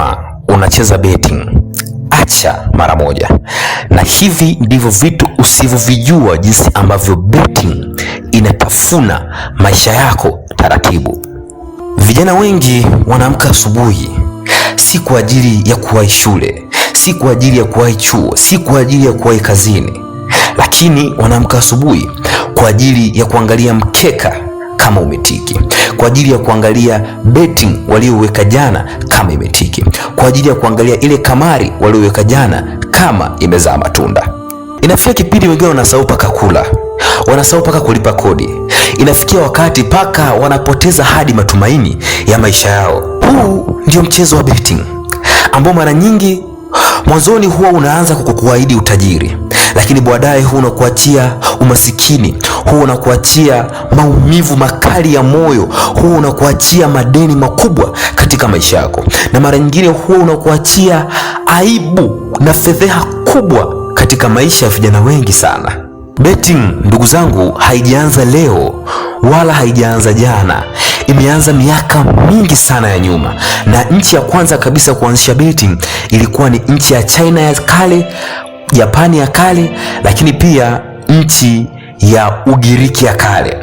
kama unacheza betting, acha mara moja. Na hivi ndivyo vitu usivyovijua, jinsi ambavyo betting inatafuna maisha yako taratibu. Vijana wengi wanaamka asubuhi, si kwa ajili ya kuwahi shule, si kwa ajili ya kuwahi chuo, si kwa ajili ya kuwahi kazini, lakini wanaamka asubuhi kwa ajili ya kuangalia mkeka kama umetiki, kwa ajili ya kuangalia betting walioweka jana kama imetiki, kwa ajili ya kuangalia ile kamari walioweka jana kama imezaa matunda. Inafikia kipindi wengine wanasahau paka kula, wanasahau paka kulipa kodi. Inafikia wakati paka wanapoteza hadi matumaini ya maisha yao. Huu ndio mchezo wa betting ambao mara nyingi mwanzoni huwa unaanza kwa kukuahidi utajiri, lakini baadaye huwa unakuachia umasikini, huwa unakuachia maumivu makali ya moyo, huwa unakuachia madeni makubwa katika maisha yako, na mara nyingine huwa unakuachia aibu na fedheha kubwa katika maisha ya vijana wengi sana. Betting ndugu zangu, haijaanza leo wala haijaanza jana, imeanza miaka mingi sana ya nyuma, na nchi ya kwanza kabisa kuanzisha betting ilikuwa ni nchi ya China ya kale, Japani ya kale, lakini pia nchi ya Ugiriki ya kale.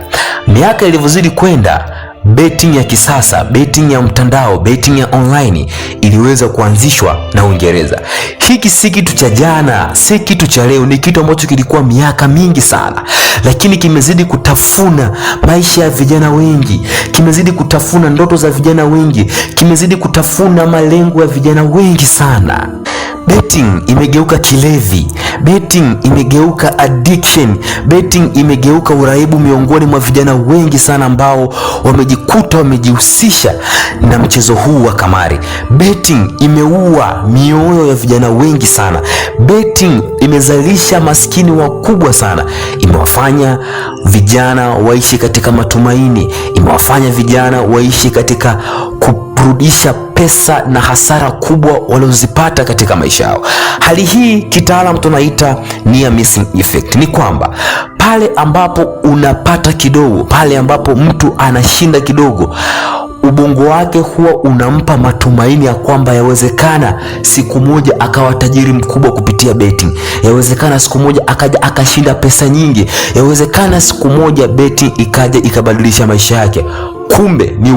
Miaka ilivyozidi kwenda, betting ya kisasa, betting ya mtandao, betting ya online iliweza kuanzishwa na Uingereza. Hiki si kitu cha jana, si kitu cha leo, ni kitu ambacho kilikuwa miaka mingi sana, lakini kimezidi kutafuna maisha ya vijana wengi, kimezidi kutafuna ndoto za vijana wengi, kimezidi kutafuna malengo ya vijana wengi sana. Betting imegeuka kilevi, betting imegeuka addiction, betting imegeuka uraibu miongoni mwa vijana wengi sana ambao wamejikuta wamejihusisha na mchezo huu wa kamari. Betting imeua mioyo ya vijana wengi sana. Betting imezalisha maskini wakubwa sana, imewafanya vijana waishi katika matumaini, imewafanya vijana waishi katika kurudisha pesa na hasara kubwa walizozipata katika maisha yao. Hali hii kitaalamu tunaita near missing effect. Ni kwamba pale ambapo unapata kidogo, pale ambapo mtu anashinda kidogo ubongo wake huwa unampa matumaini ya kwamba yawezekana siku moja akawa tajiri mkubwa kupitia betting, yawezekana siku moja akaja akashinda pesa nyingi, yawezekana siku moja betting ikaja ikabadilisha maisha yake. Kumbe ni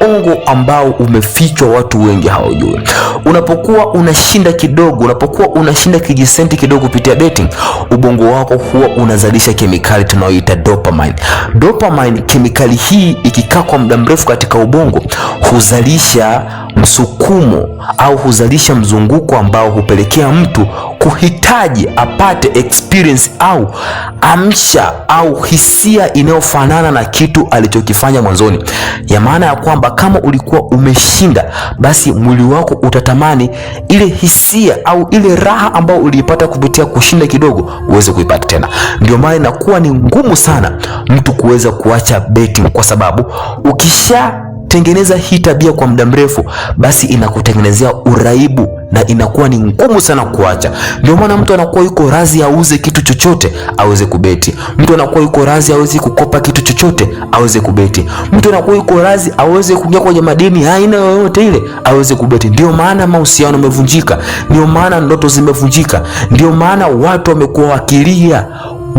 uongo ambao umefichwa, watu wengi hawajui. Unapokuwa unashinda kidogo, unapokuwa unashinda kijisenti kidogo kupitia betting, ubongo wako huwa unazalisha kemikali tunayoita dopamine. Dopamine, kemikali hii ikikaa kwa muda mrefu katika ubongo huzalisha msukumo au huzalisha mzunguko ambao hupelekea mtu kuhitaji apate experience au amsha au hisia inayofanana na kitu alichokifanya mwanzoni, ya maana ya kwamba kama ulikuwa umeshinda, basi mwili wako utatamani ile hisia au ile raha ambayo uliipata kupitia kushinda kidogo uweze kuipata tena. Ndio maana inakuwa ni ngumu sana mtu kuweza kuacha betting, kwa sababu ukisha tengeneza hii tabia kwa muda mrefu, basi inakutengenezea uraibu na inakuwa ni ngumu sana kuacha. Ndio maana mtu anakuwa yuko razi auze kitu chochote aweze kubeti. Mtu anakuwa yuko razi aweze kukopa kitu chochote aweze kubeti. Mtu anakuwa yuko razi aweze kuingia kwenye madeni aina yoyote ile aweze kubeti. Ndio maana mahusiano yamevunjika, ndio maana ndoto zimevunjika, ndio maana watu wamekuwa wakilia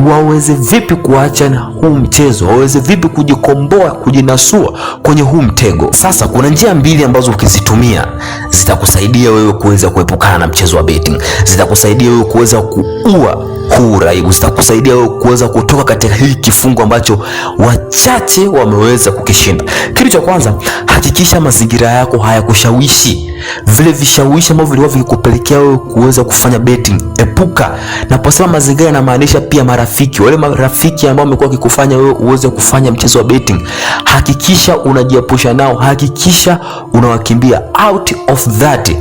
waweze vipi kuacha na huu mchezo, waweze vipi kujikomboa, kujinasua kwenye huu mtego. Sasa kuna njia mbili ambazo ukizitumia zitakusaidia wewe kuweza kuepukana na mchezo wa betting, zitakusaidia wewe kuweza kuua huu raibu zitakusaidia wewe kuweza kutoka katika hii kifungo ambacho wachache wameweza kukishinda. Kitu cha kwanza hakikisha mazingira yako hayakushawishi vile vishawishi ambavyo vilikuwa vikupelekea wewe kuweza kufanya betting. Epuka. Naposema mazingira, yanamaanisha pia marafiki, wale marafiki ambao wamekuwa wakikufanya wewe uweze kufanya mchezo wa betting, hakikisha unajiepusha nao, hakikisha unawakimbia out of that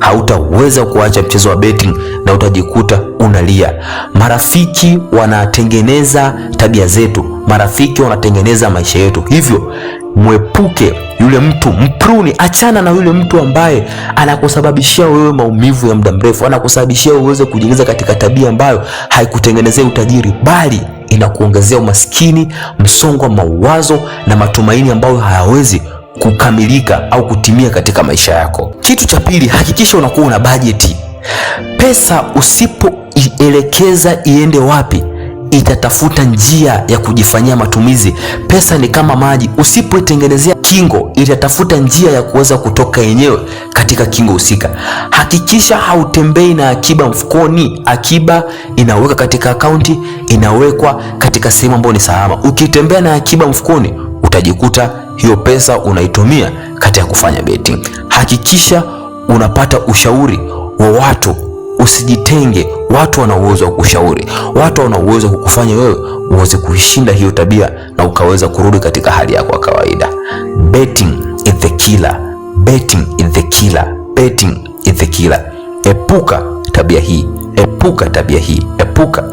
hautaweza kuacha mchezo wa betting na utajikuta unalia. Marafiki wanatengeneza tabia zetu, marafiki wanatengeneza maisha yetu, hivyo mwepuke yule mtu, mpruni, achana na yule mtu ambaye anakusababishia wewe maumivu ya muda mrefu, anakusababishia uweze kujiingiza katika tabia ambayo haikutengenezea utajiri, bali inakuongezea umaskini, msongo wa mawazo na matumaini ambayo hayawezi kukamilika au kutimia katika maisha yako. Kitu cha pili, hakikisha unakuwa una bajeti. Pesa usipoielekeza iende wapi, itatafuta njia ya kujifanyia matumizi. Pesa ni kama maji, usipoitengenezea kingo, itatafuta njia ya kuweza kutoka yenyewe katika kingo husika. Hakikisha hautembei na akiba mfukoni. Akiba inaweka katika akaunti, inawekwa katika sehemu ambayo ni salama. Ukitembea na akiba mfukoni, utajikuta hiyo pesa unaitumia kati ya kufanya betting. Hakikisha unapata ushauri wa watu, usijitenge. Watu wana uwezo wa kushauri, watu wana uwezo wa kukufanya wewe uweze kuishinda hiyo tabia na ukaweza kurudi katika hali yako ya kawaida. Betting is the killer, betting is the killer, betting is the killer. Epuka tabia hii, epuka tabia hii, epuka.